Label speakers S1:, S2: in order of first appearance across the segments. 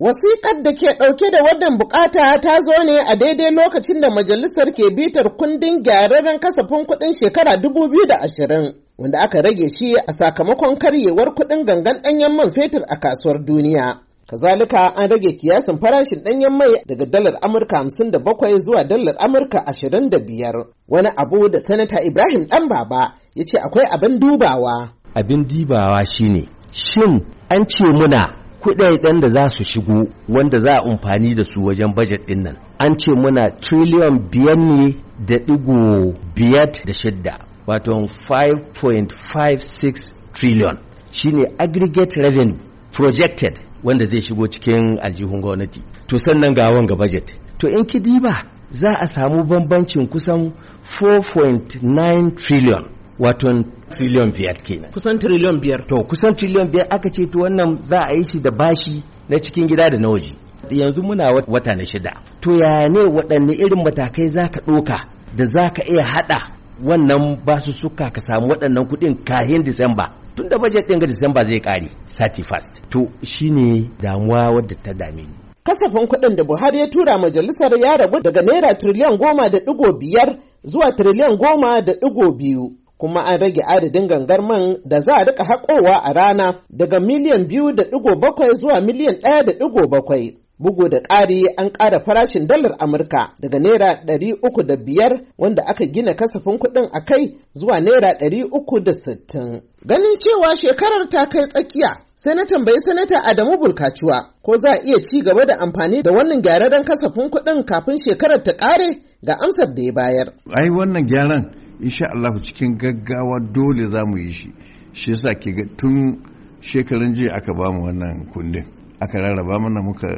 S1: Wasiƙar da ke ɗauke da wannan bukata ta zo ne a daidai lokacin da majalisar ke bitar kundin gyararren kasafin kuɗin shekara da ashirin wanda aka rage shi a sakamakon karyewar kuɗin gangan ɗanyen man fetur a kasuwar duniya. Kazalika an rage kiyasin farashin ɗanyen mai daga dalar Amurka 57 zuwa dalar Amurka 25 wani abu da Sanata Ibrahim ɗan baba ya ce akwai abin dubawa.
S2: Abin dubawa shine shin an ce muna kudaden da za su shigo wanda za a amfani da su wajen bajet din nan an ce muna trillion biyar ne da digo biyat da shidda wato 5.56 trillion shine aggregate revenue projected wanda zai shigo cikin aljihun gwamnati to sannan ga wanga budget to in ki diba za a samu bambancin kusan 4.9 trillion wato triliyon biyar kenan kusan triliyon biyar to kusan triliyon biyar aka ce to wannan za a yi shi da bashi na cikin gida da na waje yanzu muna wata na shida to ya ne waɗanne irin matakai za ka ɗoka da za ka iya haɗa wannan basussuka ka samu waɗannan kuɗin kahin disamba tun da bajet ɗin ga disamba zai ƙare 31 to shi ne damuwa wadda ta dame ni kasafin kuɗin da Buhari ya tura majalisar ya rabu daga naira tiriliyan goma da ɗigo
S1: biyar zuwa tiriliyan goma da ɗigo biyu. kuma an rage adadin gangar man da za a rika haƙowa a rana daga miliyan biyu da ɗigo bakwai zuwa miliyan ɗaya da ɗigo bakwai. Bugu da ƙari an ƙara farashin dalar Amurka daga Naira ɗari uku da biyar wanda aka gina kasafin kuɗin a kai zuwa Naira ɗari uku da sittin. Ganin cewa shekarar ta kai tsakiya, sai na tambayi Sanata Adamu Bulkacuwa ko za a iya ci gaba da amfani da wannan gyararren kasafin kuɗin kafin shekarar ta ƙare ga amsar da ya bayar.
S3: Ai wannan gyaran insha Allah cikin gaggawa dole za mu yi shi shi yasa ke tun shekarun jiya aka ba mu wannan kundin aka rarraba mana muka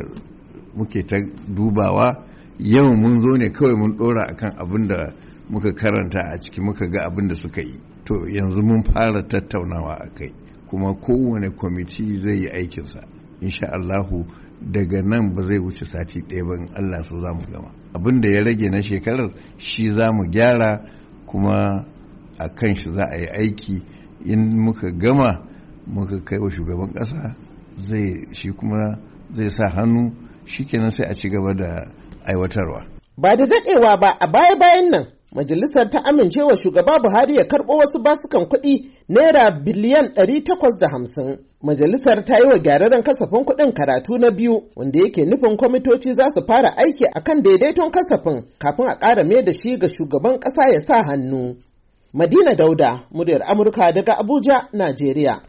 S3: muke ta dubawa yau mun zo ne kawai mun dora akan abin da muka karanta a ciki muka ga abin da suka yi to yanzu mun fara tattaunawa a kai kuma kowane kwamiti zai yi aikinsa insha Allahu daga nan ba zai wuce sati ɗaya ba in Allah so za mu gama abin da ya rage na shekarar shi za mu gyara kuma a kan shi za a yi aiki in muka gama muka kai wa shugaban ƙasa zai shi kuma zai sa hannu shi shikenan sai a ci gaba da aiwatarwa
S1: ba da daɗewa ba a baya-bayan nan Majalisar ta amince wa shugaba Buhari ya karɓo wasu basukan kuɗi naira biliyan 850. Majalisar ta yi wa gyararren kasafin kuɗin karatu na biyu wanda yake nufin kwamitoci za su fara aiki akan daidaiton kasafin kafin a ƙara mai da shi ga shugaban ƙasa ya sa hannu. Madina Dauda, muryar Amurka daga Abuja, Najeriya.